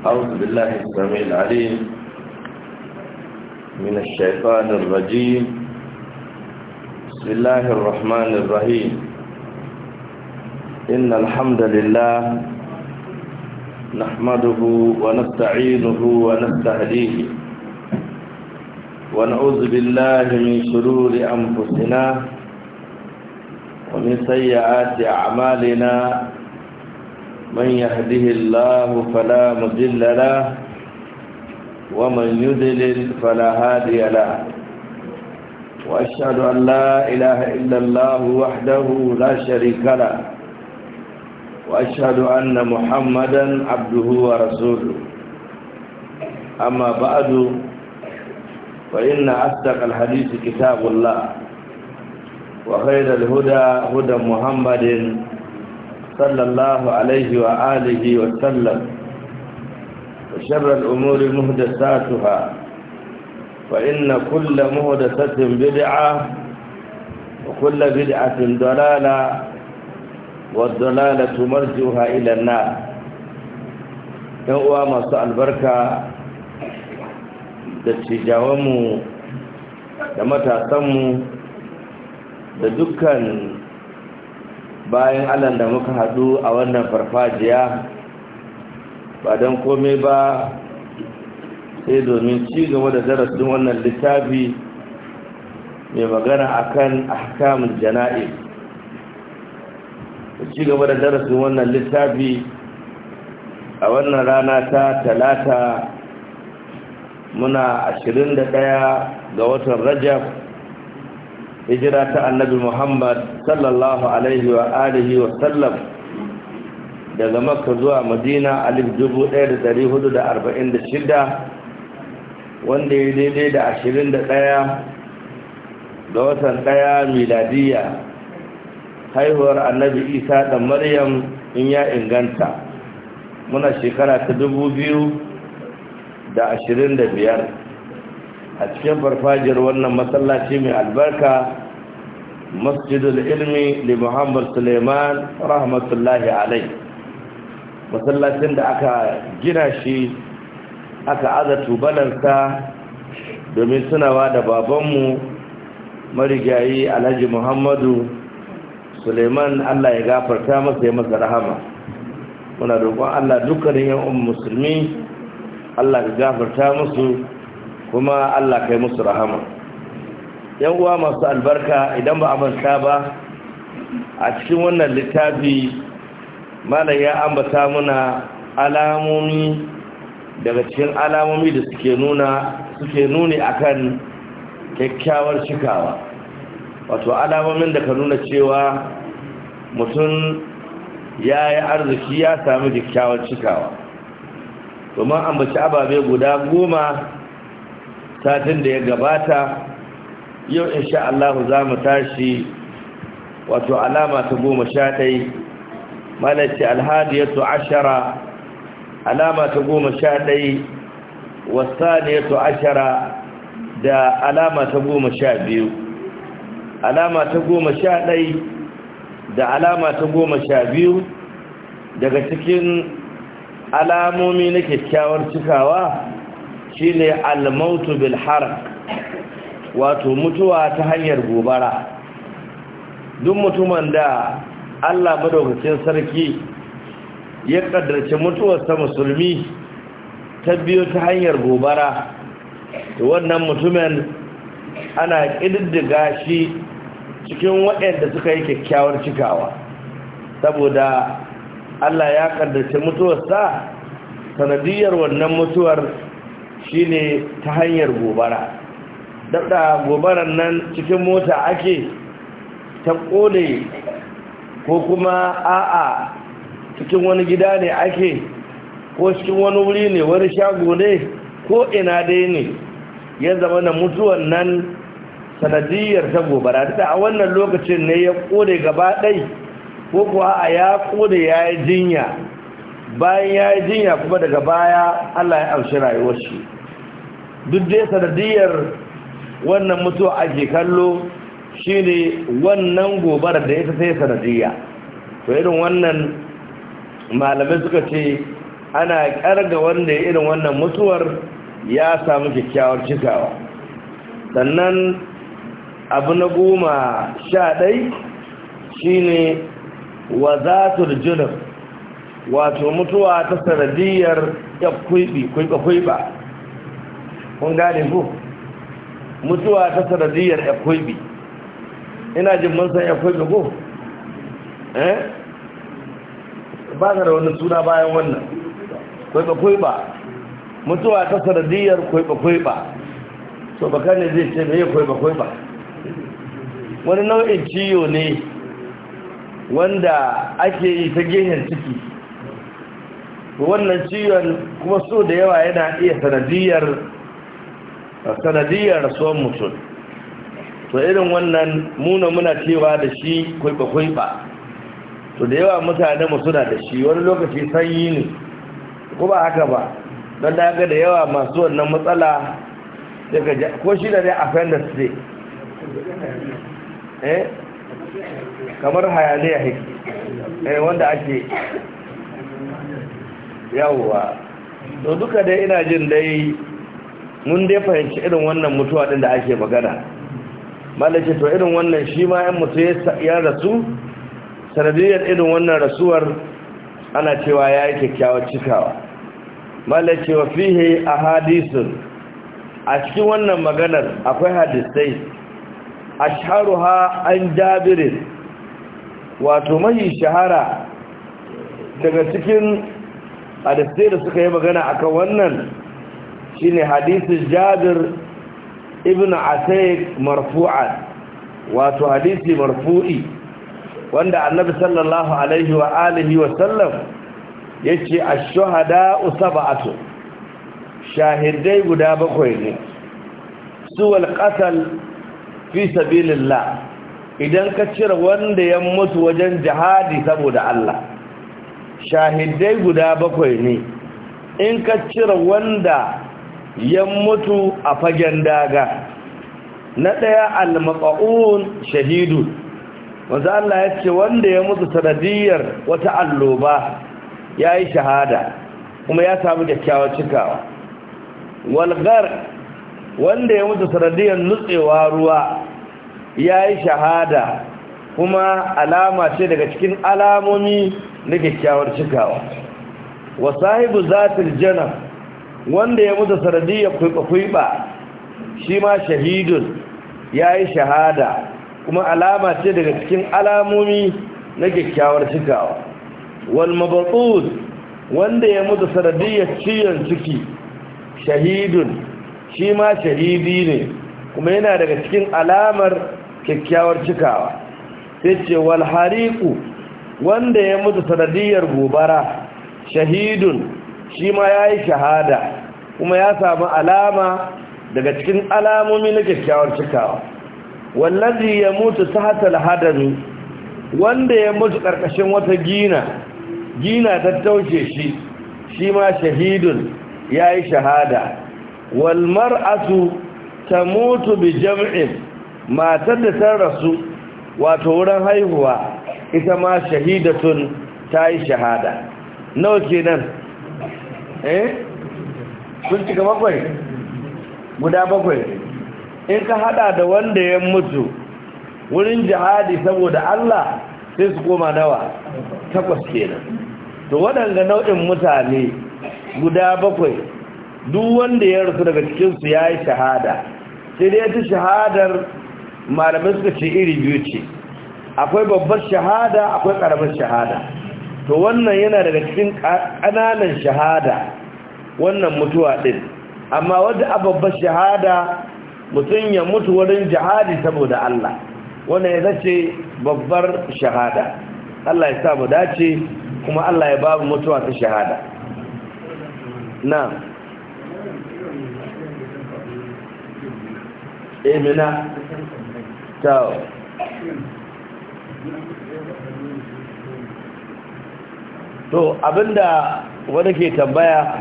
أعوذ بالله السميع العليم من الشيطان الرجيم بسم الله الرحمن الرحيم إن الحمد لله نحمده ونستعينه ونستهديه ونعوذ بالله من شرور أنفسنا ومن سيئات أعمالنا من يهده الله فلا مضل له ومن يذلل فلا هادي له وأشهد أن لا إله إلا الله وحده لا شريك له وأشهد أن محمدا عبده ورسوله أما بعد فإن أصدق الحديث كتاب الله وخير الهدى هدى محمد sallallahu alaihi wa alihi wa sallam وشر الأمور مهدساتها فإن كل مهدسة بدعة وكل بدعة ضلالة والضلالة مرجوها إلى النار يوم مساء البركة da cijawanmu da matasanmu da dukkan bayan allah da muka hadu a wannan farfajiya ba don komai ba sai domin ci gaba da darasin wannan littafi mai magana akan ahkamun jana'i ci gaba da darasin wannan littafi a wannan rana ta talata muna ɗaya ga watan rajab hijira ta annabi muhammad sallallahu alaihi wa alihi wa sallam daga makka zuwa madina alif dubu ɗaya da dari hudu da arba'in da shida wanda ya daidai da ashirin da ɗaya da watan ɗaya miladiya haihuwar annabi isa da maryam in ya inganta muna shekara ta dubu biyu da ashirin da biyar a cikin farfajiyar wannan masallaci mai albarka masjidul ilmi li muhammad suleiman rahmatullahi alai masallacin da aka gina shi aka aza tubalansa domin tunawa da babanmu marigayi alhaji muhammadu suleiman allah ya gafarta masa ya masa rahama muna roƙon allah dukkanin yan musulmi allah ya gafarta musu kuma Allah kai musu rahama yan uwa masu albarka idan ba a manta ba a cikin wannan littafi malam ya ambata muna alamomi daga cikin alamomi da suke nuna suke nuni akan kyakkyawar cikawa wato alamomin da ka nuna cewa mutum ya yi arziki ya sami kyakkyawar cikawa domin ambaci ababe guda goma satin da ya gabata yau insha Allah za mu tashi wato alama ta goma sha ɗai malaci alhadiyatu ashara alama ta goma sha ɗai wasaniyatu ashara da alama ta goma sha biyu alama ta goma sha ɗai da alama ta goma sha biyu daga cikin alamomi na kyakkyawar cikawa Shi ne almautu bil wato mutuwa ta hanyar gobara duk mutumin da Allah madaukacin sarki ya kaddarci mutuwarsa musulmi ta biyo ta hanyar gobara to wannan mutumin ana ƙididdiga shi cikin waɗanda suka yi kyakkyawar cikawa saboda Allah ya kaddace mutuwarsa sanadiyar wannan mutuwar shine ta hanyar gobara dabda gobaran nan cikin mota ake ta kone ko kuma a'a cikin wani gida ne ake ko cikin wani wuri ne wani shago ne ko ina dai ne ya zama na mutuwan nan sanadiyar ta gobara ta a wannan lokacin ne ya kone gaba dai ko kuwa a ya kone ya yi jinya bayan ya yi jinya kuma daga baya Allah ya amshi rayuwar shi duk dai sanadiyar wannan mutuwa ake kallo shine wannan gobarar da ita sai sanadiyya to irin wannan malamai suka ce ana karga wanda ya irin wannan mutuwar ya samu kyakkyawar cikawa sannan abu na goma sha ɗai shine wa za su wato mutuwa ta sanadiyar ya kuibi kuiba kuiba kun gane ku mutuwa ta sanadiyar ya kuibi ina jin mun san ya kuibi ko eh ba ka da wani suna bayan wannan kuiba kuiba mutuwa ta sanadiyar kuiba kuiba so baka ne zai ce me kuiba kuiba wani nau'in ciyo ne wanda ake yi ta gehen ciki wannan ciwon kuma so da yawa yana iya sanadiyar sanadiyar rasuwan mutum to irin wannan muna muna cewa da shi kwaifa-kwaifa to da yawa mutane suna da shi wani lokaci sanyi ne ko ba haka ba don da da yawa masu wannan matsala daga ko shi da dai fenda state eh kamar hayaniya hiki eh wanda ake yawwa to duka dai ina jin dai mun dai fahimci irin wannan mutuwa din da ake magana malace to irin wannan shi ma yan mutu ya rasu sanadiyar irin wannan rasuwar ana cewa ya yi kyakkyawar cikawa malace wa fihe a hadisun a cikin wannan maganar akwai hadisai a asharuha an jabirin wato mahi shahara daga cikin hadisai da suka yi magana akan wannan shine hadisin jabir ibn atayk marfu'an wato hadisi marfu'i wanda annabi sallallahu alaihi wa alihi wa sallam yace ash-shuhada sab'atu shahidai guda bakwai ne suwal qatl fi sabilillah idan ka cire wanda ya mutu wajen jihadi saboda Allah shahidai guda bakwai ne in ka cire wanda ya mutu a fagen daga na ɗaya al-maƙa'un shahidu wanzu Allah ya ce wanda ya mutu sanadiyar wata alloba ya yi shahada kuma ya samu kyakkyawa cikawa walgar wanda ya mutu sanadiyar nutsewa ruwa ya yi shahada kuma alama ce daga cikin alamomi na kyakkyawar cikawa wa sahibu zatil janna wanda ya mutu sanadiyar kwaikwaiba shi ma shahidun ya yi shahada kuma alama ce daga cikin alamomi na kyakkyawar cikawa wal wanda ya mutu sanadiyar ciyon ciki shahidun shi ma shahidi ne kuma yana daga cikin alamar kyakkyawar cikawa sai walhariƙu, wal hariqu wanda ya mutu sanadiyar gobara shahidun shi ma yayi shahada kuma ya samu alama daga cikin alamomi na kyakkyawar cikawa wallazi ya mutu tahta al wanda ya mutu karkashin wata gina gina ta tauce shi shi ma shahidun yayi shahada wal mar'atu tamutu bi jam'in matar da ta rasu wato wurin haihuwa ita ma shahidatun ta yi shahada nawa nan? eh kun cika bakwai guda bakwai in ka hada da wanda ya mutu wurin jihadi saboda Allah sai su koma nawa takwas kenan to waɗanda nau'in mutane guda bakwai duk wanda ya rasu daga cikinsu ya yi shahada sai dai ta shahadar malamai suka ce iri biyu ce akwai babbar shahada akwai karamar shahada to wannan yana daga cikin ƙananan shahada wannan mutuwa din amma wadda a babbar shahada mutum ya mutu wurin jihadi saboda Allah wannan ya sace babbar shahada Allah ya sa mu dace kuma Allah ya ba mu mutuwa ta shahada na'am emina eh, to abinda wani ke tambaya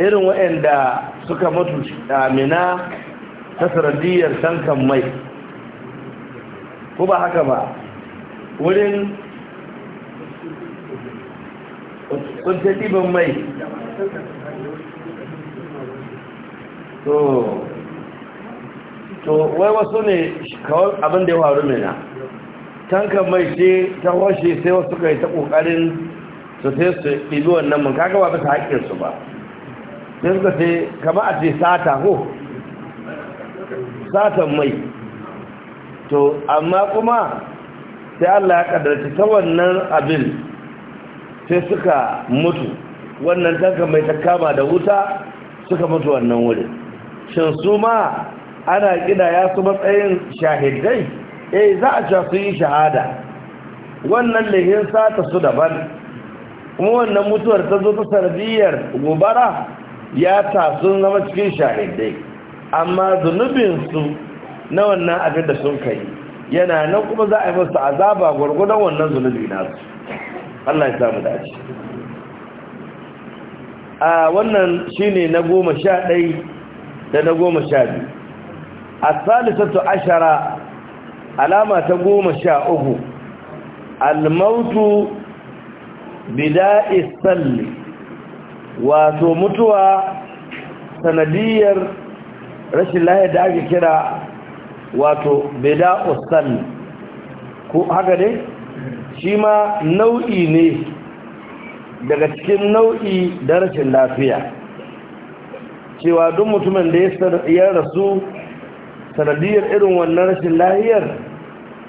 irin waɗanda suka mutu damina ta tankan mai ko ba haka ba wurin sun ɗiban mai to to wai wasu ne kawai abin da ya faru mina tankan mai ce ta washe sai wasu kai ta kokarin su sai su ɗibi wannan mun kaga ba bisa haƙƙinsu ba sai suka sai kama a ce sata ko satan mai to amma kuma sai Allah ya kaddarci ta wannan abin sai suka mutu wannan tankan mai ta kama da wuta suka mutu wannan wurin shin su ma ana gida ya su matsayin shahidai eh za a ce su yi shahada wannan lahin sata su daban kuma wannan mutuwar ta zo ta sanadiyar gobara ya ta sun zama cikin shahidai amma zunubinsu na wannan abin da sun kai yana nan kuma za a yi musu azaba gwargwadon wannan zunubi nasu Allah ya samu dace a wannan shine na goma sha ɗai da na goma sha biyu asalisatu ashara alama ta goma sha uku almautu bida'i salli wato mutuwa sanadiyar rashin lahiyar da ake kira wato bida'u salli ko haka dai shi ma nau'i ne daga cikin nau'i da rashin lafiya cewa duk mutumin da ya rasu sanadiyar irin wannan rashin lahiyar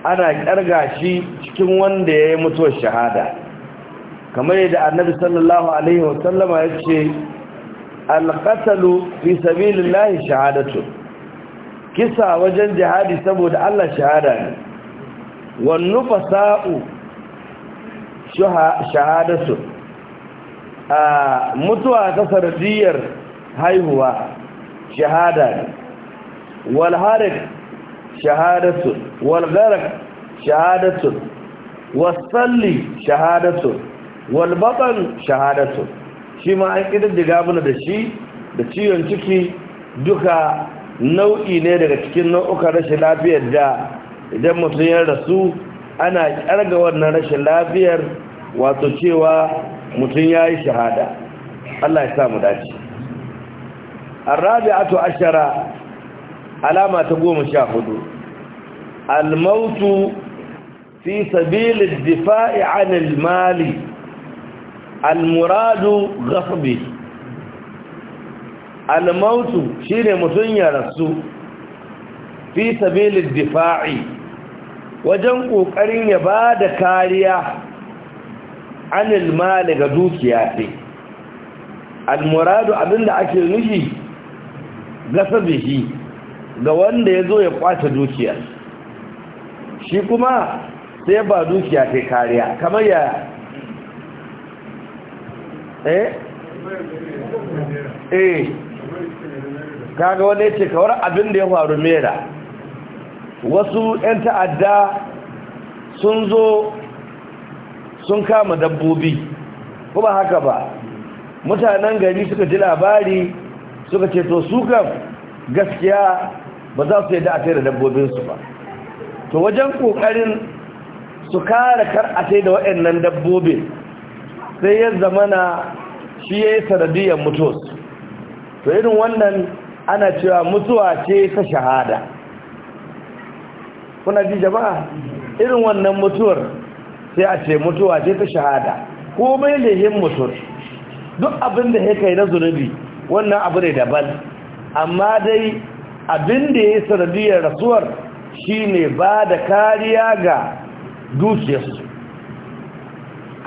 ana ƙarga shi cikin wanda ya yi mutuwar shahada kamar yadda annabi sallallahu alaihi wasallama ya ce alƙasalu fi sabilillahi shahadatu kisa wajen jihadi saboda Allah shahada ne wannu fasa'u shahadatu a mutuwa ta sanadiyar haihuwa shahada ne wal harik shahadatun wal Wasalli shahadatun was salli shahadatun wal batan shahadatun shi ma an kididdiga mana da shi da ciwon ciki duka nau'i ne daga cikin nau'ukan rashin lafiyar da idan mutum ya rasu ana ƙarga wannan rashin lafiyar wato cewa mutum ya yi shahada Allah ya sa samu dace arrabi'atu ashara alama ta goma sha hudu almautu fi sabilin difa'i anil almuradu ghasbi almautu shine mutum ya rasu fi sabilin difa'i wajen kokarin ya ba da kariya anil ga dukiya ce almuradu abinda ake nufi gasabihi ga wanda ya zo ya kwace dukiya shi kuma sai ba dukiya ta kariya kamar ya eh eh kaga wanda ya ce kawar abin da ya faru mera wasu 'yan ta'adda sun zo sun kama dabbobi kuma haka ba mutanen gari suka ji labari suka ce to su gaskiya ba za su yi a tsaye da dabbobinsu ba to wajen ƙoƙarin su kare kar a tsaye da waɗannan dabbobin sai ya zama na shi ya yi sanadiyar mutuwarsu to irin wannan ana cewa mutuwa ce ta shahada kuna ji jama'a irin wannan mutuwar sai a ce mutuwa ce ta shahada ko mai lehin mutum duk abin da ya kai na zunubi wannan abu ne daban amma dai abin da ya yi sanadiyar rasuwar ne ba da kariya ga dukiyarsu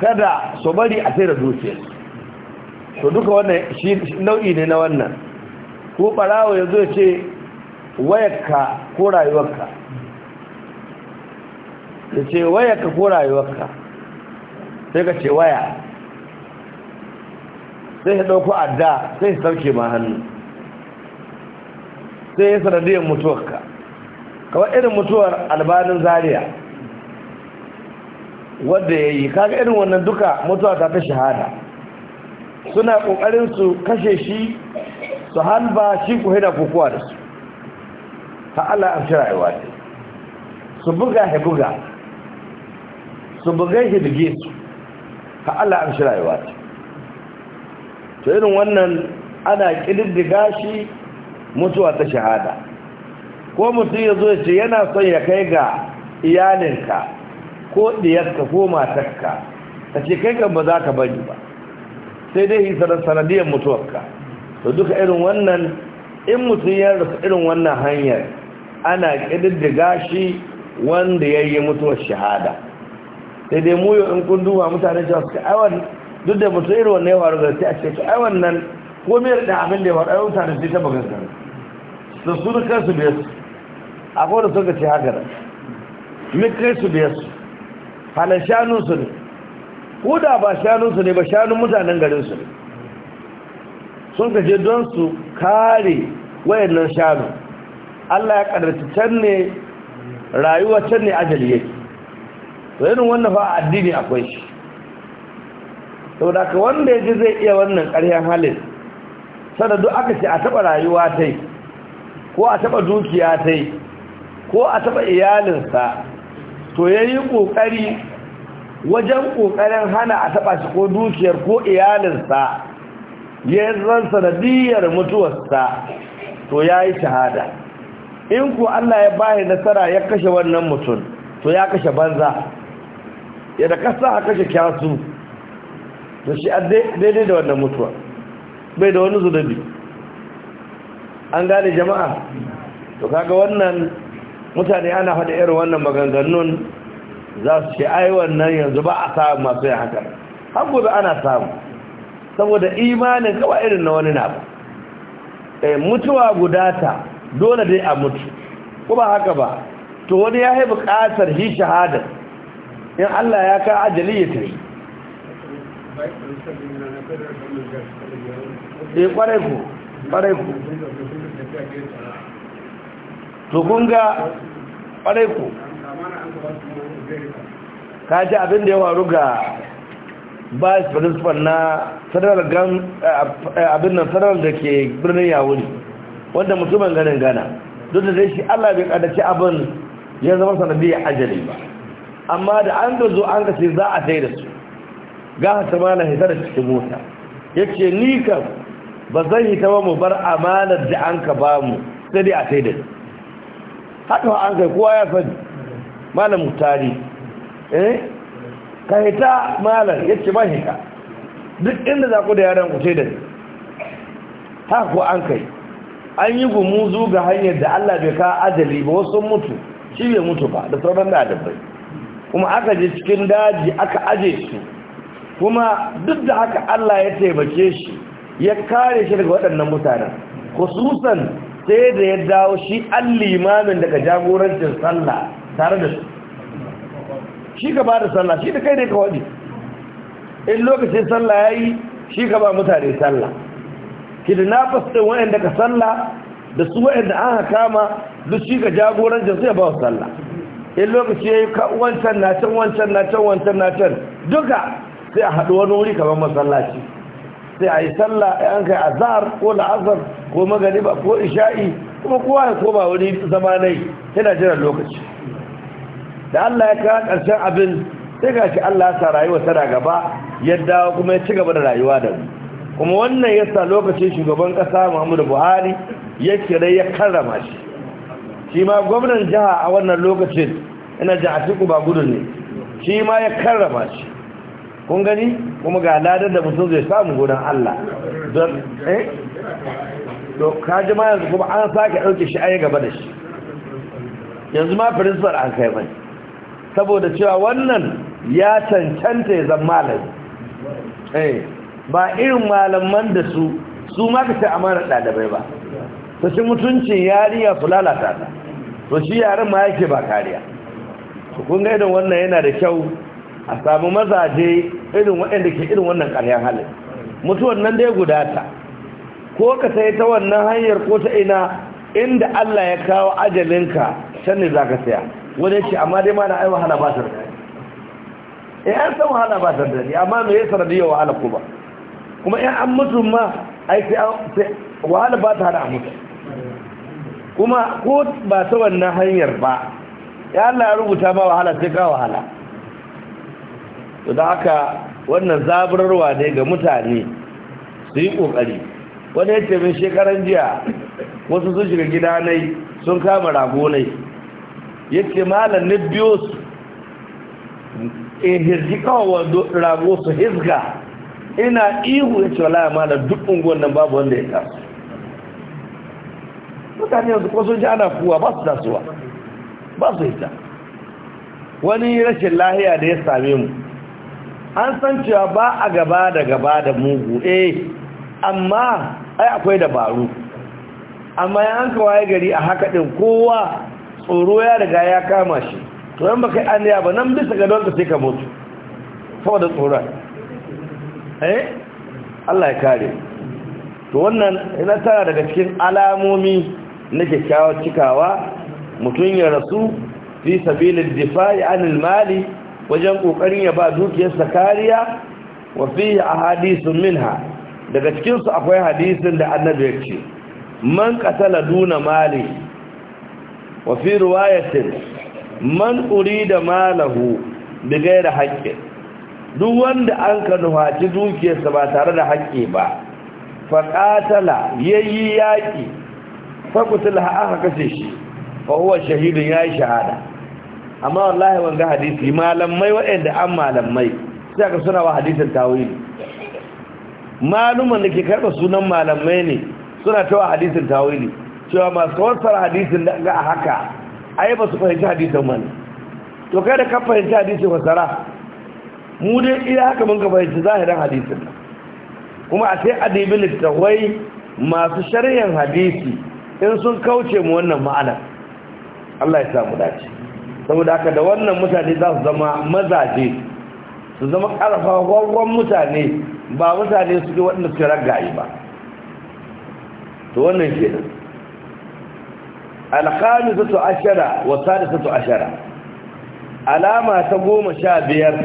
kada su bari a sai da dukiyarsu to duka wannan shi nau'i ne na wannan ko barawa ya zo ce wayarka ko rayuwarka ya ce wayarka ko rayuwarka sai ka ce waya sai ya ɗauko adda sai ya sauke ma hannu sai ya sanadiyar mutuwarka kawai irin mutuwar albanin Zariya wadda ya yi kaga irin wannan duka mutuwa ta ta shahada suna kokarin su kashe shi su halba shi ku haida kokowa da su ta Allah shi rayuwa ne su buga ya buga su buga ya buge su ta Allah shi rayuwa ne to irin wannan ana ƙididdiga shi mutuwa ta shahada ko mutum ya zo ce yana son ya kai ga iyalinka ko ɗiyarka ko matarka ta ce kai kan ba za ka bari ba sai dai hisarar sanadiyar mutuwarka to duka irin wannan in mutum ya rasu irin wannan hanyar ana ƙididdiga shi wanda ya yi mutuwar shahada sai dai mu yau in kun duba mutane cewa suka aiwan duk da mutum irin wannan ya faru da sai a ce aiwan nan ko mai da abin da ya faru a yau mutane sai ta bagan Sun su da kansu biya su akwai da suka ce haka min kai su biya su hana shanunsu ne ko da ba shanunsu ne ba shanun mutanen garinsu ne sun gaje don su kare wayannan shanu Allah ya kadarci can ne rayuwa can ne ajali yake to yanin wannan fa addini akwai shi da ka wanda ya ji zai iya wannan ƙaryan halin sanadu aka ce a taɓa rayuwa ta yi ko a taba dukiya ta yi, ko a taba iyalinsa to ya yi kokari wajen kokarin hana a taba shi ko dukiyar ko iyalinsa yayin sanadiyar mutuwarsa to yi shahada in ku Allah ya bayi nasara ya kashe wannan mutum to ya kashe banza ya da kasa a kashe kyasu to shi a daidai da wannan mutuwa bai da wani zunubi an gane jama'a to kaga wannan mutane ana faɗa irin wannan maganganun za su ce ai wannan yanzu ba a samu masu yin haka har ana samu saboda imanin kawai irin na wani na ba eh, mutuwa gudata dole dai a mutu ko ba haka ba to wani ya haifu ƙasar shi shahada in Allah ya ka ajali ya tafi eh, ƙwarai ku to ga ƙwarai ku ka ce abin da ya waru ga vice principal na federal eh, abin nan federal da ke birnin yawuri wanda mutumin ganin gana duk da zai shi allah bai kadace abin ya zama ya ajali ba amma da an da zo an kashe za a sai da su ga hasa ma na da cikin mota ya ce ni kan ba zan yi ta ba mu bar amanar da an ka ba mu sai a sai da haka an kai kowa ya sani malam mutari eh ka hita malam ya ce ba hita duk inda za ku da yaran ku sai da haka kuwa an kai an yi gumuzu ga hanyar da Allah bai ka ajali ba wasu mutu shi bai mutu ba da sauran da adabai kuma aka je cikin daji aka aje su kuma duk da haka Allah ya taimake shi ya kare shi daga waɗannan mutanen khususan sai da ya dawo shi an limamin daga jagorancin sallah tare da su shi ka ba da sallah shi da kai ne ka waɗi in lokacin sallah ya yi shi ka ba mutane sallah na fasta waɗanda ka sallah da su waɗanda an kama duk shi ka jagorancin su ya ba sallah in lokacin ya yi wancan na can wancan na can wancan na can duka sai a haɗu wani wuri kamar masallaci sai a yi sallah an kai azhar ko la'azar ko magariba ko isha'i kuma kowa ya koma wani zamanai yana jiran lokaci da Allah ya kawo ƙarshen abin sai ga shi Allah ya sa rayuwa tana gaba ya dawo kuma ya ci gaba da rayuwa da kuma wannan ya sa lokacin shugaban ƙasa Muhammadu Buhari ya kira ya karrama shi shi ma gwamnan jiha a wannan lokacin ina ji a ba gudun ne shi ma ya karrama shi kun gani kuma ga ladar da mutum zai samu gudan Allah don eh to kaji ma yanzu kuma an sake ɗauke shi ayi gaba da shi yanzu ma principal an kai mai saboda cewa wannan ya cancanta ya zama malami eh ba irin malaman da su su ma ka ce amana ɗalibai ba ta shi mutuncin yariya fulalata ta to shi yaren ma yake ba kariya kun ga wannan yana da kyau a samu mazaje irin waɗanda ke irin wannan ƙaryar halin mutuwan nan dai guda ta ko ka sai ta wannan hanyar ko ta ina inda Allah ya kawo ajalinka can ne za ka saya wani ce amma dai ma na ai wahala ba sarda ne eh an san wahala ba da ne amma me yasa da yawa wahala ko ba kuma in an mutu ma ai sai wahala ba ta da mutu kuma ko ba ta wannan hanyar ba ya Allah ya rubuta ba wahala sai ka wahala to da haka wannan zaburarwa ne ga mutane su yi ƙoƙari wani ya ce min shekaran jiya wasu sun shiga gida nai sun kama rago nai ya ce malam na biyo su in eh, hirji kawawa rago su hizga ina ihu ya ce wala malam duk unguwan nan babu wanda ya tasu mutane yanzu kuma sun ji ana kuwa ba su tasuwa ba su hita wani rashin lahiya da ya same mu an san cewa ba a gaba da gaba da mugu eh amma ai akwai dabaru amma ya an kawai gari a haka din kowa tsoro ya riga ya kama shi to yan baka an ya ba nan bisa ga donka sai ka mutu saboda tsoron eh Allah ya kare to wannan ina tara daga cikin alamomi na kyakkyawar cikawa mutum ya rasu fi sabilin difa'i anil mali wajen kokarin ya ba dukiyarsa kariya wa fihi ahadithun minha daga cikin su akwai hadisin da annabi ya ce man qatala duna mali wa fi riwayatin man urida malahu bighairi haqqi duk wanda an ka nuhaci dukiyarsa ba tare da haƙƙi ba qatala yayi yaƙi faƙutul ha aka kashe shi fa huwa shahidun yayi shahada amma wallahi wanga hadisi malamai waɗanda an malamai sai ka suna wa hadisin tawili maluman da ke karɓa sunan malamai ne suna ta wa hadisin tawili cewa masu kawarsar hadisin da ga haka ai ba su fahimci hadisin wani to kai da ka fahimci hadisin wasara mu dai iya haka mun ka fahimci zahirin hadisin kuma a sai adibin littattafai masu shari'an hadisi in sun kauce mu wannan ma'ana Allah ya samu dace saboda haka da wannan mutane za su zama mazaje su zama ƙarfafawan mutane ba mutane su waɗanda su ragaye ba to wannan ke nan alƙami sato ashara wa da sato ashara alama ta goma sha biyar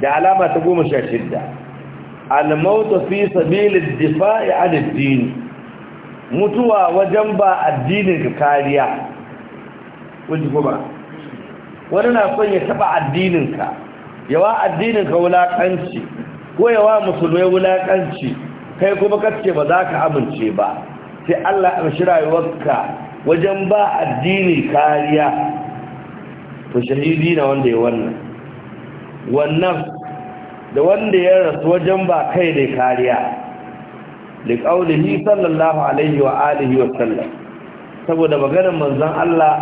da alama ta goma sha shidda almauta fi sabilin difa'i addini mutuwa wajen ba addinin ka kariya wajen kuma wani na son ya taɓa addininka yawa addininka wulaƙanci ko yawa musulmai wulaƙanci kai kuma kace ba za ka amince ba sai Allah ya amshi rayuwarka wajen ba addini kariya to shahidi na wanda ya wannan wannan da wanda ya rasu wajen ba kai ne kariya liƙaunihi sallallahu alaihi wa alihi wa sallam saboda maganar manzon Allah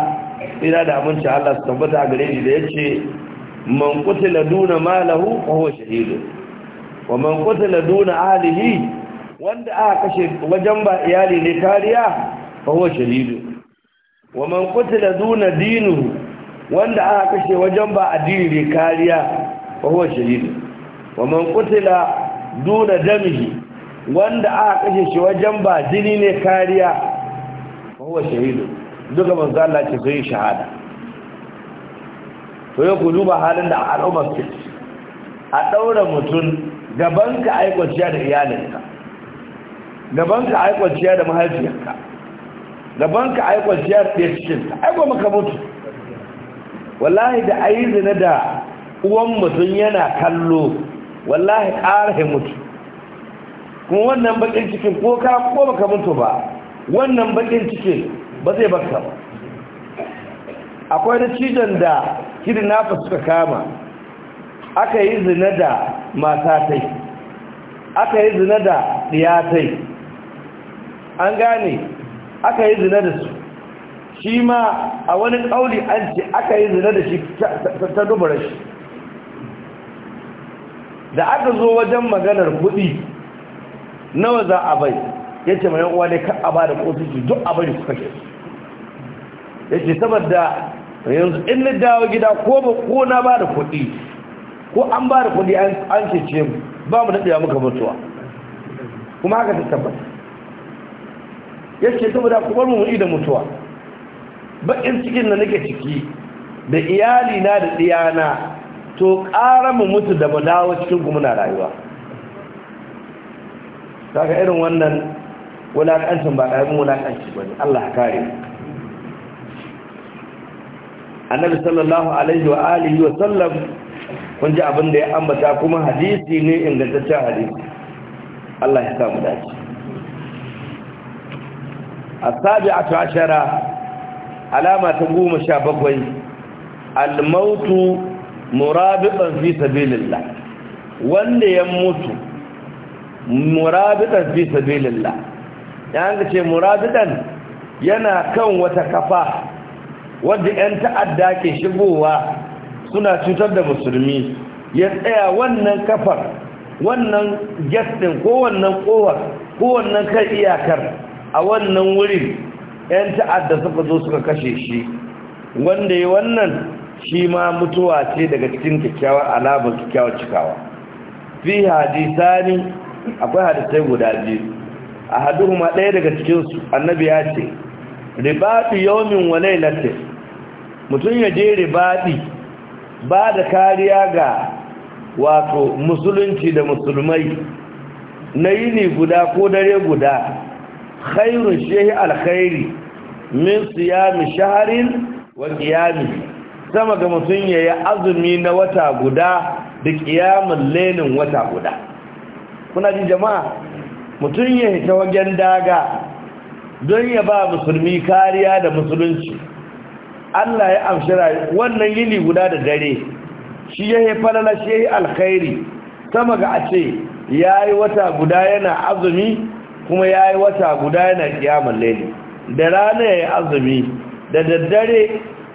ina da aminci Allah su tabbata gare shi da yace man qutila duna malahu fa huwa shahid wa man qutila duna alihi, wanda aka kashe wajen ba iyali ne kariya fa huwa shahid wa man qutila duna dinu wanda aka kashe wajen ba addini ne kariya fa huwa shahid wa man qutila duna damihi wanda aka kashe shi wajen ba jini ne kariya fa huwa shahid duka manzo Allah ce sai shahada to ya ku duba halin da al'umma ke a daura mutum gaban ka aikwaciya da iyalinka gaban ka aikwaciya da mahaifiyarka gaban ka aikwaciya da cikinka aiko maka mutu wallahi da aizina zina da uwan mutum yana kallo wallahi ƙara mutu kuma wannan bakin cikin ko ka ko baka mutu ba wannan bakin cikin ba zai baka ba akwai da cijan da kidnapper suka kama aka yi zina da matatai aka yi zina da diyatai an gane aka yi zina da su shi ma a wani kauli an ce aka yi zina da shi ta dubara shi da aka zo wajen maganar kuɗi nawa za a bai yace mai yan uwa ne kan a ba da ƙotu duk abin da suka ke su yake saboda yanzu in na dawo gida ko ba ko na ba da kudi ko an ba da kudi an cece mu ba mu daɗewa muka mutuwa kuma haka ta tabbata ce saboda ku bar mu mu'i da mutuwa baƙin cikin na nake ciki da iyali na da tsiyana to ƙara mu mutu da mu dawo cikin ku muna rayuwa saka irin wannan wulaƙancin ba ƙarfin wulaƙanci ba ne Allah ka kare mu annabi sallallahu alaihi wa alihi wa sallam kun ji abin da ya ambata kuma hadisi ne ingantaccen hadisi Allah ya samu dace as-sabi'atu ashara alama ta 17 al-mautu murabitan fi sabilillah wanda ya mutu murabitan fi sabilillah yan ce murabitan yana kan wata kafa Wanda 'yan ta'adda ke shigowa suna cutar da musulmi ya tsaya wannan kafar wannan gestin ko wannan kowar ko wannan kan iyakar a wannan wurin 'yan ta'adda suka zo suka kashe shi wanda ya wannan shi ma mutuwa ce daga cikin kyakkyawar alamar kyakkyawar cikawa fi hadisani akwai hadisai guda biyu a ma ɗaya daga cikinsu annabi ya ce ribaɗi yawmin wa lailatin mutum ya je ribaɗi ba da kariya ga wato musulunci da musulmai na yini guda ko dare guda khairun shehi alkhairi min siyami shaharin wa qiyami sama ga mutum ya yi azumi na wata guda da qiyamin lenin wata guda kuna ji jama'a mutum ya hita wajen daga don ya ba musulmi kariya da musulunci Allah ya amshira. wannan yini guda da dare shi ya yi falala shi ya yi alkhairi sama ga a ce ya yi wata guda yana azumi kuma ya yi wata guda yana kiyamun laili da rana ya yi azumi da daddare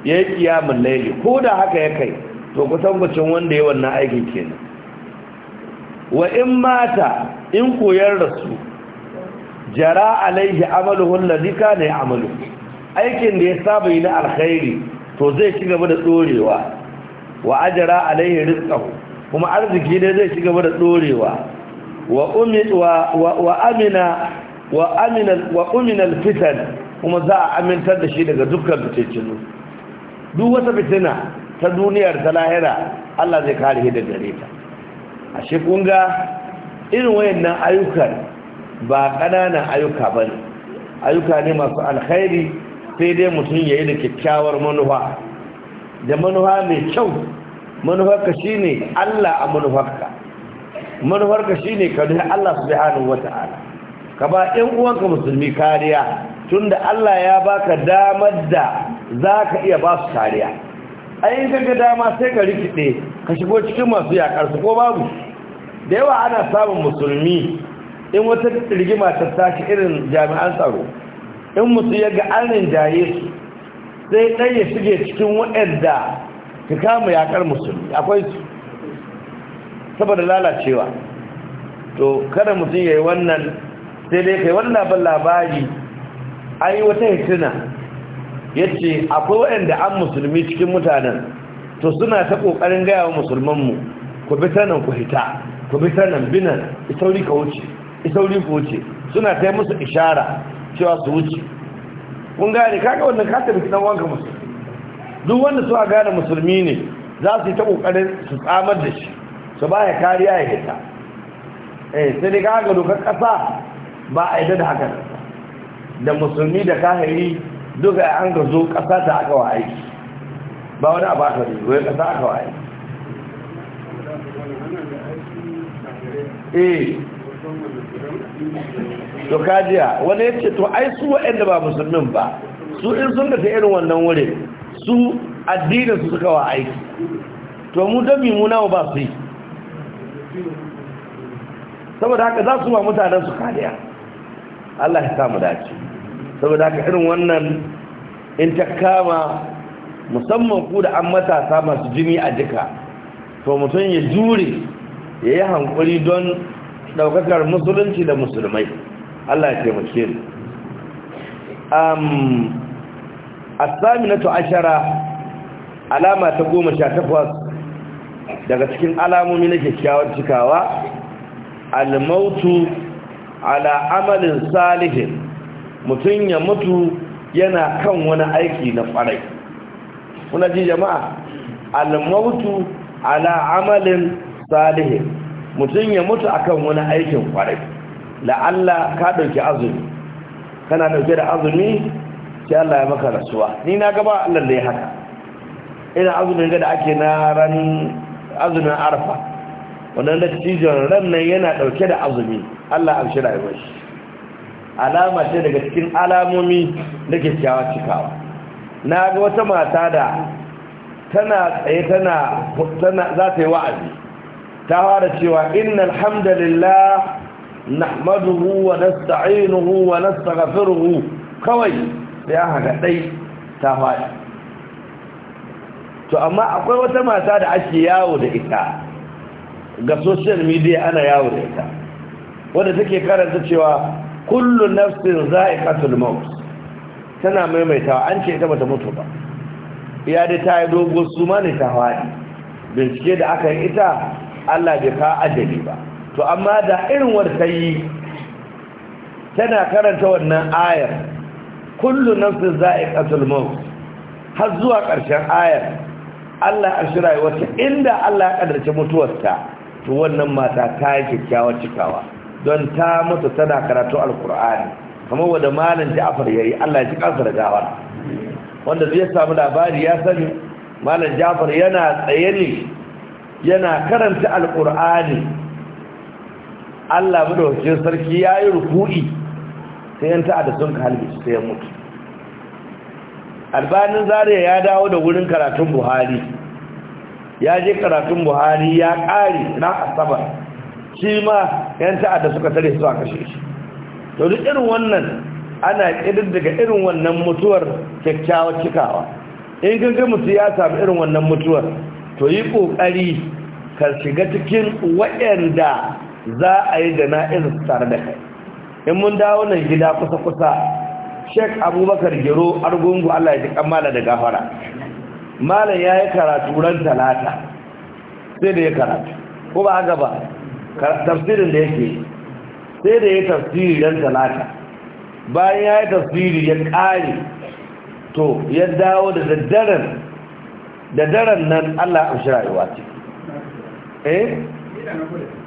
ya yi kiyamun laili ko da haka ya kai to kusan gucin wanda ya wannan aikin kenan wa in mata in koyar da su jara alaihi amaluhu ladika kana amalu aikin da ya saba yi na alkhairi to zai shiga gaba da dorewa wa ajra alaihi rizqahu kuma arziki ne zai shiga gaba da dorewa wa wa amina wa amina wa umina alfitan kuma za a amintar da shi daga dukkan fitintunu duk wata fitina ta duniyar ta lahira Allah zai kare shi daga gare ta ashe kun ga irin wayannan ayyukan ba ƙananan ayyuka ba ne ayyuka ne masu alkhairi sai dai mutum ya yi da kyakkyawar manufa da manufa mai kyau manufarka shi ne allah a manufarka ka. shi ne ka duhi allah su wata ala ka ba ɗin uwanka musulmi kariya tun da allah ya baka damar da za ka iya ba su kariya ayin gaggada dama sai ka rikide ka shigo cikin masu yakar su ko babu da yawa ana samun musulmi in wata rigima ta tashi irin jami'an tsaro in musu ya ga an rinjaye su sai ɗan ya shige cikin waɗanda ka kama yakar musulmi akwai su saboda lalacewa to kada mutum ya yi wannan sai dai kai wannan labar labari an yi wata hitina ya ce akwai waɗanda an musulmi cikin mutanen to suna ta ƙoƙarin gaya wa musulmanmu ku bi sanan ku hita ku bi sanan binan isauri ka wuce isauri ku wuce suna ta musu ishara cewa su wuce kun gane kaga wannan ka tafi dan wanka musu duk wanda suka gane musulmi ne za su yi ta kokarin su tsamar da shi su ba ya kariya ya hita eh sai dai kaga dokar kasa ba a yadda da haka da musulmi da kahiri duka an gazo zo kasa ta aka wa aiki ba wani abu aka ne wai kasa aka wa aiki eh to wani ya ce to ai su waɗanda ba musulmin ba su in sun da irin wannan wurin su addinin su suka wa aiki to mu dami munawa ba su yi saboda haka za su ma mutanen su kariya Allah ya samu dace saboda haka irin wannan in ta kama musamman ku da an matasa masu jini a jika to mutum ya jure ya yi hankuri don daukakar musulunci da musulmai Allah ya taimake ni um ashara alama ta goma takwas daga cikin alamomi na kyakkyawar cikawa al-mautu ala amalin salihin mutum ya mutu yana kan wani aiki na kwarai kuna ji jama'a al ala amalin salihin mutum ya mutu akan wani aikin kwarai la'alla ka ɗauki azumi kana ɗauke da azumi sai Allah ya maka rasuwa ni na gaba Allah da haka ina azumin ga da ake na ran azumin arfa wannan da cijon ran nan yana ɗauke da azumi Allah amshi rayuwar shi alama ce daga cikin alamomi da ke kyakkyawa cikawa na ga wata mata da tana tsaye tana za ta yi wa'azi ta fara cewa inna hamdalillah nahmaduhu wa nasta'inuhu wa nastaghfiruhu kawai sai aka ta fara to amma akwai wata mata da ake yawo da ita ga social media ana yawo da ita wanda take karanta cewa kullu nafsin za'iqatul maut tana maimaitawa an ce ita bata mutu ba iya dai ta yi dogon suma ne ta fara bincike da aka yi ita Allah bai ka ajali ba to amma da irin warta yi tana karanta wannan ayar kullu nafsin za'iqatul maut har zuwa ƙarshen ayar Allah a shirayi wata inda Allah ya kadarci mutuwarta to wannan mata ta yi kyakkyawa cikawa don ta mutu tana karatu alkur'ani kamar wanda malam Ja'far yayi Allah ya ji kansa da gawar wanda zai samu labari ya sani malam Ja'far yana tsaye ne yana karanta alƙur'ani Allah madawacin sarki ya yi ruku'i sai yan ta'ada sun ka halbe sai ya mutu albanin zariya ya dawo da wurin karatun buhari ya je karatun buhari ya ƙari na asabar shi ma yan ta'ada suka tare su a kashe shi to duk irin wannan ana daga irin wannan mutuwar kyakkyawar cikawa in gangan mutu ya samu irin wannan mutuwar to yi ƙoƙari ka shiga cikin waɗanda za a yi da na'iz tare da kai in mun dawo nan gida kusa-kusa sheik abubakar gero argungu allah ya ji kammala da gafara malam ya yi karatu ran talata sai da ya karatu ko ba haka ba tafsirin da yake sai da ya tafsiri ran talata bayan ya yi tafsiri ya ƙare to ya dawo da daddaren da daren nan Allah ya shirya rayuwa ce eh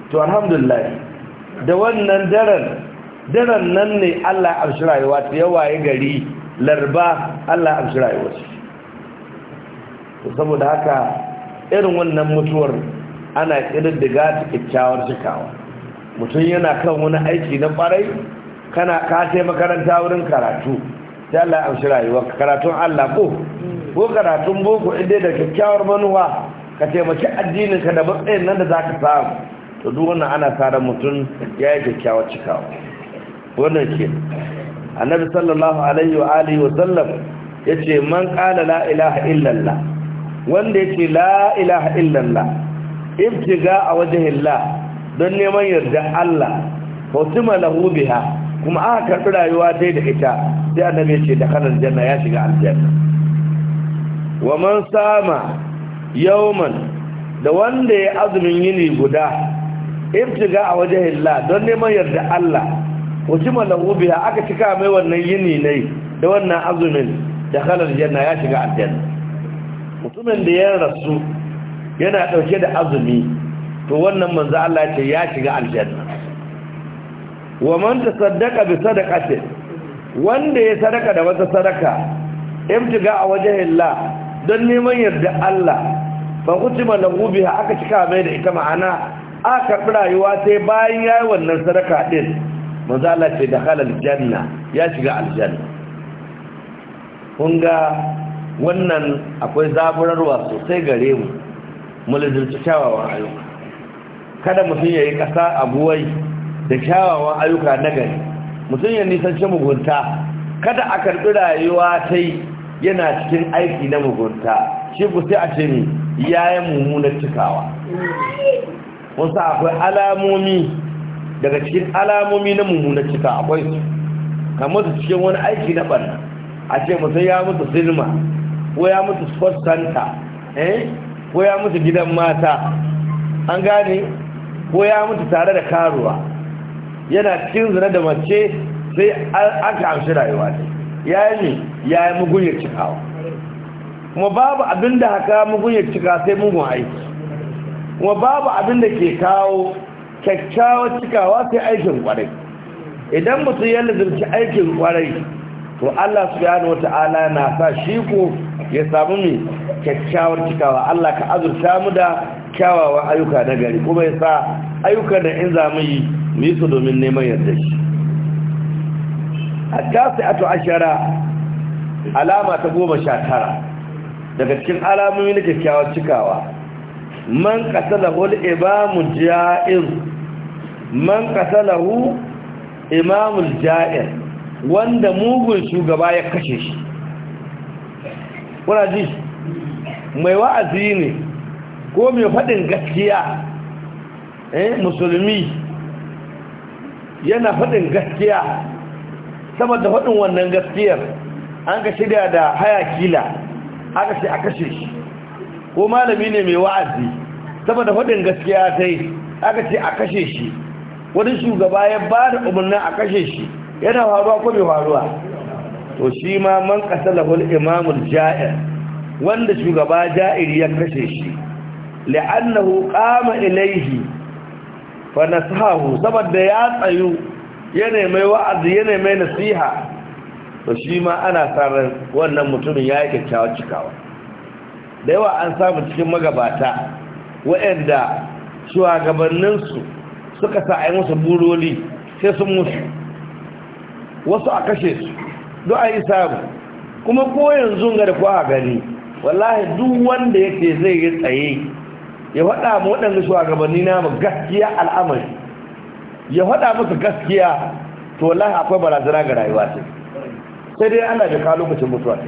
to alhamdulillah da wannan daren daren nan ne Allah ya shirya rayuwa ce yawaye gari larba Allah ya amshi rayuwa ce saboda haka irin wannan mutuwar ana kididdiga ta kyakkyawar cikawa mutum yana kan wani aiki na kwarai kana ka makaranta wurin karatu sai Allah ya amshi rayuwa karatun Allah ko ko karatun boko inda da kyakkyawar manuwa ka taimaki addinin ka da matsayin nan da zaka samu to duk wannan ana sa mutum ya yi cikawa wannan ke annabi sallallahu alaihi wa alihi wa sallam yace man qala la ilaha illallah wanda yace la ilaha illallah ibtiga a wajhillah don neman yarda Allah fatima lahu biha kuma aka karɓi rayuwa dai da ita sai annabi ya ce da kanar janna ya shiga aljanna wa man sama yawman da wanda ya azumin yini guda ibtiga a wajen Allah don neman yarda Allah wasu malahu biya aka cika mai wannan yini ne da wannan azumin da kalar janna ya shiga aljanna mutumin da ya rasu yana ɗauke da azumi to wannan manzo Allah ce ya shiga aljanna wa man tasaddaqa bi sadaqatin wanda ya sadaka da wata sadaka imtiga a wajhillah don neman yarda Allah fa kutima lahu biha aka cika mai da ita ma'ana aka karbi rayuwa sai bayan yayi wannan sadaka din manzo Allah ce halal janna ya shiga aljanna kun ga wannan akwai zaburarwa sosai gare mu mu lazurci kyawawan ayyuka kada mutum yayi kasa abuwai da kyawawan ayyuka na gari mutum ya nisance mugunta kada a karɓi rayuwa ta yi yana cikin aiki na mugunta shi ku sai a ce ne ya yi mummunar cikawa wasu akwai alamomi daga cikin alamomi na mummunar cika akwai su kamar su cikin wani aiki na ɓarna a ce mutum ya mutu silma ko ya mutu sports center eh ko ya mutu gidan mata an gane ko ya mutu tare da karuwa yana cikin zina da mace sai aka amshi rayuwa ne ya yi ne ya yi mugun ya cikawa kuma babu abin da haka mugun ya cika sai mugun aiki kuma babu abin da ke kawo kyakkyawar cikawa sai aikin kwarai idan mutum ya lizarci aikin kwarai to Allah wata ala na sa shi ko ya samu mai kyakkyawar cikawa Allah ka azurta mu da kyawawan ayyuka na gari kuma ya sa ayyukan da in zamu yi mu su domin neman yadda shi tasi a to ashara alama ta goma sha tara daga cikin alamomi na kyakkyawa cikawa man qatalahu al-imamu man qatalahu wanda mugun shugaba ya kashe shi kuna ji mai wa'azi ne ko mai faɗin gaskiya eh musulmi yana faɗin gaskiya saboda faɗin wannan gaskiyar an ka shirya da hayakila aka ce a kashe shi ko malami ne mai wa'azi saboda faɗin gaskiya ta yi aka ce a kashe shi wani shugaba ya ba da umarnin a kashe shi yana faruwa ko bai faruwa to shi ma man kasa lahul imamul ja'ir wanda shugaba ja'iri ya kashe shi la'annahu qama ilayhi fa saboda ya tsayu yana mai wa'azi yana mai nasiha to shi ma ana sarar wannan mutumin ya yi kyakkyawa cikawa da yawa an samu cikin magabata waɗanda shugabanninsu suka sa a yi musu buroli sai sun musu wasu a kashe su duk a yi samu kuma ko yanzu ga da kuwa gani wallahi duk wanda yake zai yi tsaye ya faɗa ma waɗanda shugabanni na mu gaskiya al'amari ya faɗa musu gaskiya to wallahi akwai barazana ga rayuwa ce sai dai ana ya lokacin mutuwa ce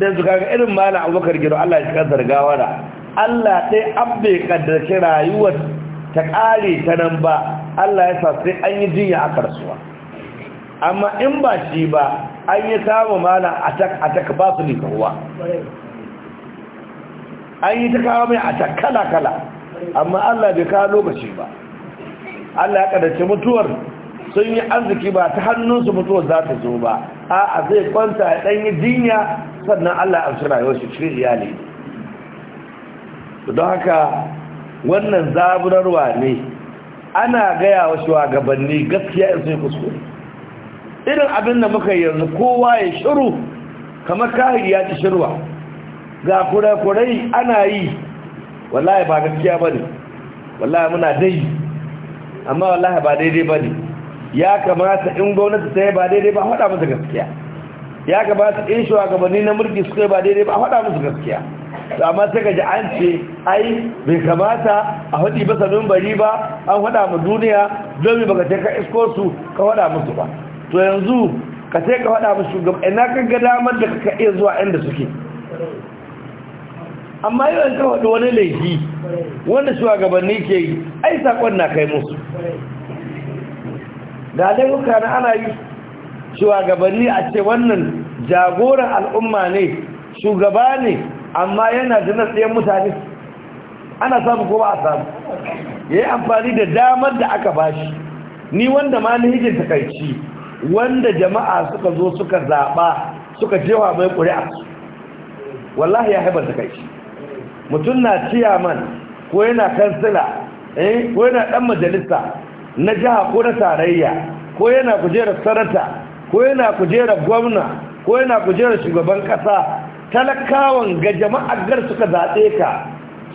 dan su kaga irin malam Abubakar gido Allah ya kaddar gawara Allah dai bai kaddarci rayuwar ta kare ta nan ba Allah ya sa sai an yi jinya a karsuwa amma in ba shi ba an yi samu malam atak atak ba su ne kawa an yi ta kawo mai a ta kala amma Allah bai kawo lokaci ba Allah ya kadace mutuwar sun yi arziki ba ta hannunsu mutuwar za ta zo ba a a zai kwanta ya ɗan yi jinya sannan Allah ya shira yau shi cikin iyali don haka wannan zaburarwa ne ana gaya wa shugabanni gaskiya in sai kuskure irin abin da muka yanzu kowa ya shiru kamar kahiri ya ci shirwa ga kurakurai ana yi wallahi ba gaskiya ba ne wallahi muna dai amma wallahi ba daidai ba ne ya kamata in gwamnati ta yi ba daidai ba haɗa musu gaskiya ya kamata in shugabanni na mulki suka yi ba daidai ba haɗa musu gaskiya to amma sai ka ji an ce ai bai kamata a haɗi ba sanin bari ba an haɗa mu duniya domin baka ce ka isko su ka haɗa musu ba to yanzu ka sai ka haɗa musu shugaba ina kan ga damar da ka iya zuwa inda suke amma yau an kawo wani laifi wanda shugabanni ke yi ai sakon na kai musu da laifuka na ana yi shugabanni a ce wannan jagoran al'umma ne shugaba ne amma yana da nasayen mutane ana samu kuma a samu ya yi amfani da damar da aka bashi ni wanda ma na hijin takaici wanda jama'a suka zo suka zaɓa suka jewa mai ƙuri'a wallahi ya haifar takaici mutum na ciyaman ko yana kansila eh, ko yana ɗan majalisa na jiha ko na tarayya ko yana kujerar sarata ko yana kujerar gwamna ko yana kujerar shugaban kasa talakawan ga jama'ar gar suka zaɓe ka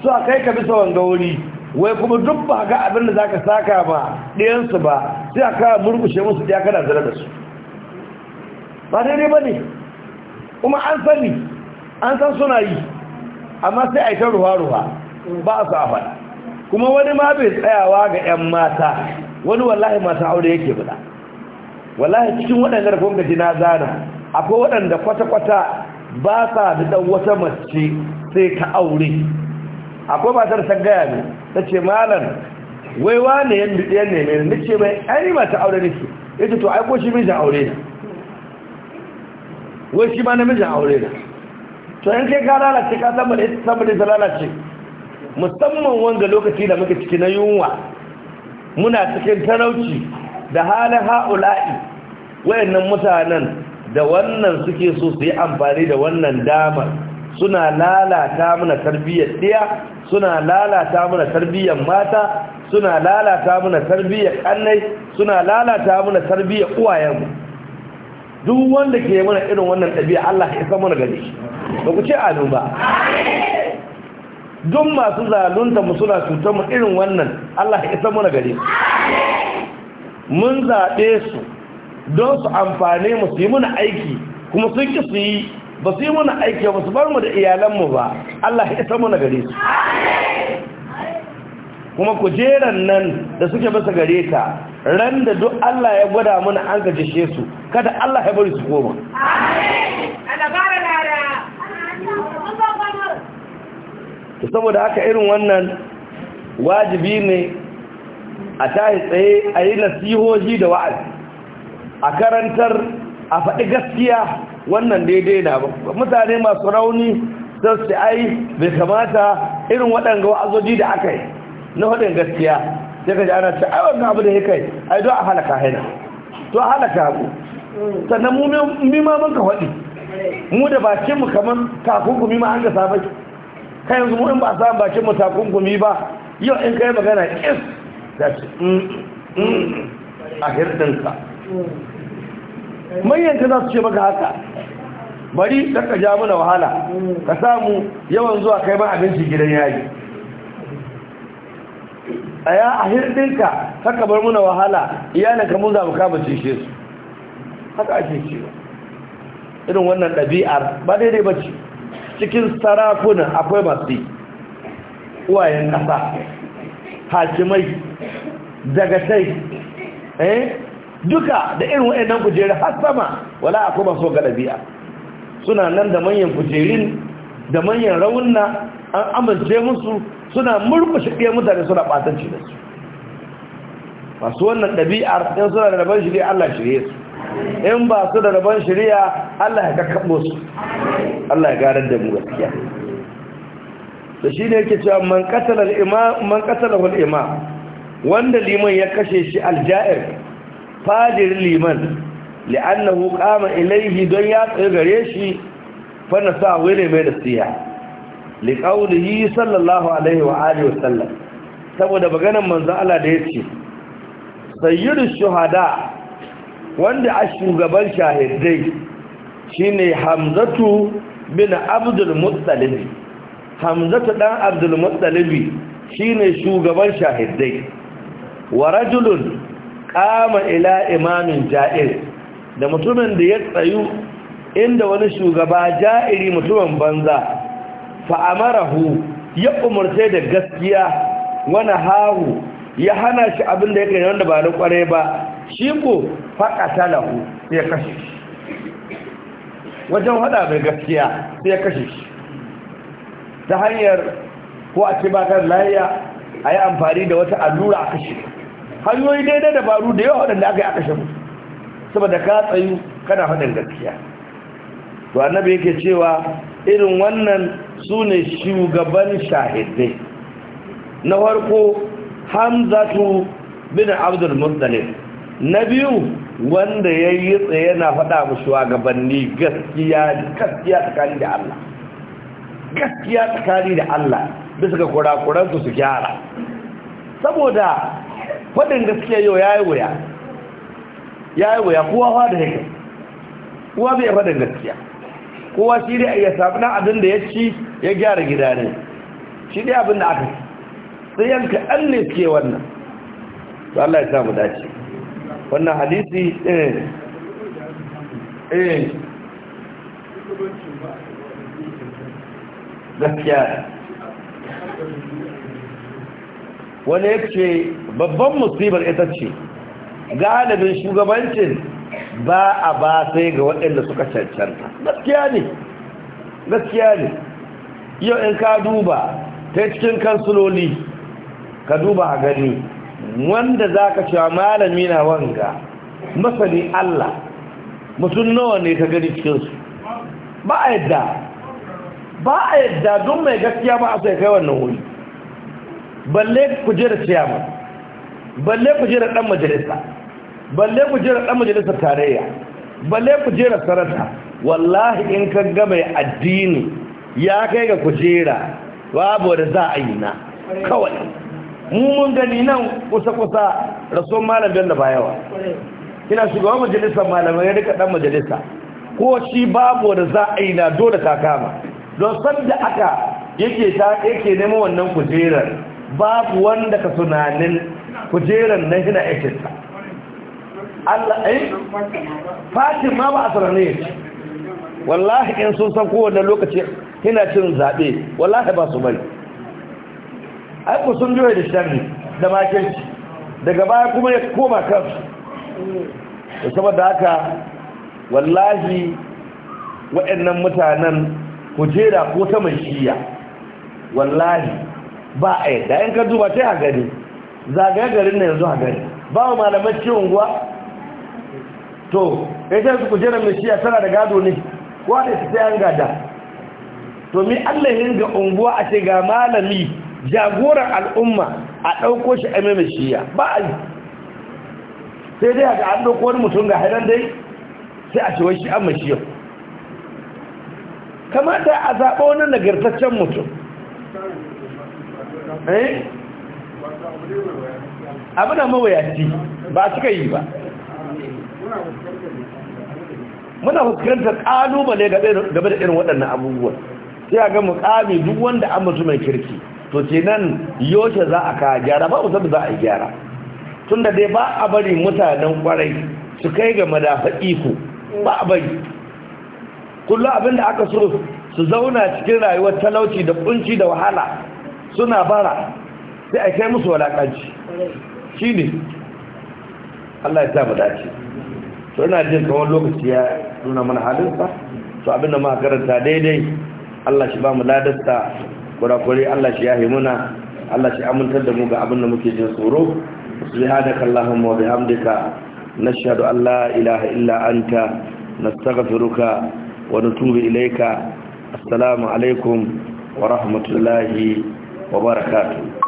su a kai ka bisa wanga wuri wai kuma duk ba ga abin da za ka saka ba ɗiyansu ba sai a kawo murkushe musu ɗaya kana zira da su ba daidai ba ne kuma an sani an san suna yi amma sai a yi ta ruwa-ruwa ba a sa faɗa kuma wani ma bai tsayawa ga 'yan mata wani wallahi masu aure yake bada wallahi cikin waɗanda da kuma gaji na zana akwai waɗanda kwata-kwata ba sa da ɗan wata mace sai ta aure akwai matar ta gaya ne ta ce malam wai wane yan biɗiyar ne mai ni ce mai ɗari mata aure nake su ita to aiko shi mijin aure na wai shi ma na mijin aure na to yin kai ka lalace ka san ita lalace musamman wanda lokaci da muka ciki na yunwa muna cikin talauci da halin ha'ula'i wayannan mutanen da wannan suke so su yi amfani da wannan damar suna lalata mana tarbiyyar ɗaya suna lalata mana tarbiyyar mata suna lalata mana tarbiyyar ƙannai suna lalata mana tarbiyyar uwayenmu duk wanda ke mana irin wannan ɗabi'a Allah ya isa mana gare shi ba ku ce ado ba don masu zalunta mu suna cutar mu irin wannan Allah ya isa muna gare mun zaɓe su don su amfane mu su yi muna aiki kuma sun ki su yi ba su yi muna aiki ba su bar mu da iyalanmu ba Allah ya isa muna gare su kuma kujeran nan da suke basa gare ta ran da duk Allah ya gwada mana an gajishe su kada Allah ya bari su koma amin to saboda haka irin wannan wajibi ne a tahi tsaye a yi nasihohi da wa'azi a karantar a faɗi gaskiya wannan daidai na mutane masu rauni sun su ai bai kamata irin waɗanda wa'azoji da aka yi na faɗin gaskiya sai ka ji ana ce ai abu da ya kai ai don a halaka haina to a halaka ku sannan mu mima mun ka faɗi mu da bakinmu kamar kafin ku mima an ga sabai kai yanzu mu in ba samu bakin mu takunkumi ba yau in kai magana kis da ce a hirdinka mayyanta za su ce maka haka bari ka ja mana wahala ka samu yawan zuwa kai ban abinci gidan yayi a ya a hirdinka haka bar muna wahala iyalinka mun zaɓi kama cishe su haka ake ba irin wannan ɗabi'ar ba daidai ba ce cikin sarakunan akwai masu uwayen ƙasa hakimai dagatai eh duka da irin wayannan kujeru har sama wala akwai masu ga suna nan da manyan kujerin da manyan raunna an amince musu suna murkushe ɗaya mutane suna ɓatanci da su masu wannan ɗabi'ar ɗin suna da shi dai Allah shirye su in ba su da rabon shari'a Allah ya kakkaɓo su Allah ya garar da mu gaskiya da shi ne yake cewa man katalar imam man imam wanda liman ya kashe shi aljair fadir liman li'annahu qama ilayhi don ya tsaye gare shi fa nasa wele mai siya. li qawlihi sallallahu alaihi wa alihi wa saboda maganar manzo Allah da ya ce. sayyidu shuhada wanda a shugaban shahidai shine hamzatu bin abdul hamzatu dan abdul muttalibi shine shugaban shahidai wa rajulun kama ila imamin ja'ir da mutumin da ya tsayu inda wani shugaba ja'iri mutumin banza fa'amarahu ya umarce da gaskiya wani hahu ya hana shi abin da kai wanda ba na kware ba shi ko faƙata lahu sai ya kashe shi wajen haɗa mai gaskiya sai ya kashe shi ta hanyar ko a ce bakar lahiya a yi amfani da wata allura a kashe hanyoyi daidai dabaru da yawa waɗanda aka yi a kashe mu saboda ka tsayu kana haɗin gaskiya to annabi yake cewa irin wannan su ne shugaban shahidai na farko hamzatu bin abdul muttalib na biyu wanda ya yi tsaye yana faɗa mu gabanni gaskiya gaskiya tsakani da Allah gaskiya tsakani da Allah bisa ga kurakuransu su gyara saboda faɗin gaskiya yau ya yi wuya ya yi wuya kowa fa da yake kowa bai faɗin gaskiya kowa shi dai ya samu na abin da ya ci ya gyara gida ne shi dai abin da aka sai yanka ɗan ne suke wannan Allah ya samu dace wannan hadisi eh eh gaskiya wani ya ce babban musibar ita ce galibin shugabancin ba a ba sai ga waɗanda suka cancanta gaskiya ne gaskiya ne yau in ka duba ta cikin kansuloli ka duba a gani wanda za ka cewa malami na wanga masani Allah mutum nawa ne ka gani cikinsu ba a yadda ba a yadda don mai gaskiya ba a sai kai wannan wuri balle ku je da ciyama balle ku je da ɗan majalisa balle ku je da ɗan majalisa tarayya balle ku je da sarata wallahi in ka ga mai addini ya kai ga kujera babu da za a yi na kawai mu mun gani nan kusa-kusa rasuwan malam da ba yawa kina shugaban majalisar malamai ya rika dan majalisa ko shi babu da za a yi na dole ta kama don san da aka yake ta yake neman wannan kujerar babu wanda ka tunanin kujerar na hina aikinta Allah ai eh? Fatima ba a wallahi in sun san kowane lokaci hina cin zaɓe wallahi ba su bari ai ku sun joye da shan da makinci daga baya kuma ya koma kansu da saboda haka wallahi waɗannan mutanen kujera ko mai shiya wallahi ba a yadda yan kan duba sai a gani zagaya garin na yanzu a gani ba wa malamai ciwon guwa to ya ce su kujera mai shiya tana da gado ne kowa da su sai gada to mi allahin ga unguwa a ce ga malami jagoran al'umma a ɗauko shi a shiya ba a yi sai dai haka an ɗauko wani mutum ga hairan dai sai a ce shi an mashiyar kamata a zaɓa wani nagartaccen mutum eh abu na mawayaci ba suka yi ba muna fuskantar ƙalubale gaba da irin waɗannan abubuwan sai a ga mukami duk wanda an mutu mai kirki to kenan yoshe za a ka gyara ba musamman za a yi gyara tun da dai ba a bari mutanen kwarai su kai ga madafa iko ba a bari kullum abin da aka so su zauna cikin rayuwar talauci da kunci da wahala suna bara sai a kai musu walakanci shi ne Allah ya sa mu dace to ina jin kawon lokaci ya nuna mana halinsa to abin da muka karanta daidai Allah shi ba mu ladasta kurakurai Allah shi yahe muna Allah shi amintar da mu ga abin da muke jin tsoro subhanaka allahumma wa bihamdika nashhadu an la ilaha illa anta nastaghfiruka wa natubu ilayka assalamu alaikum wa rahmatullahi wa barakatuh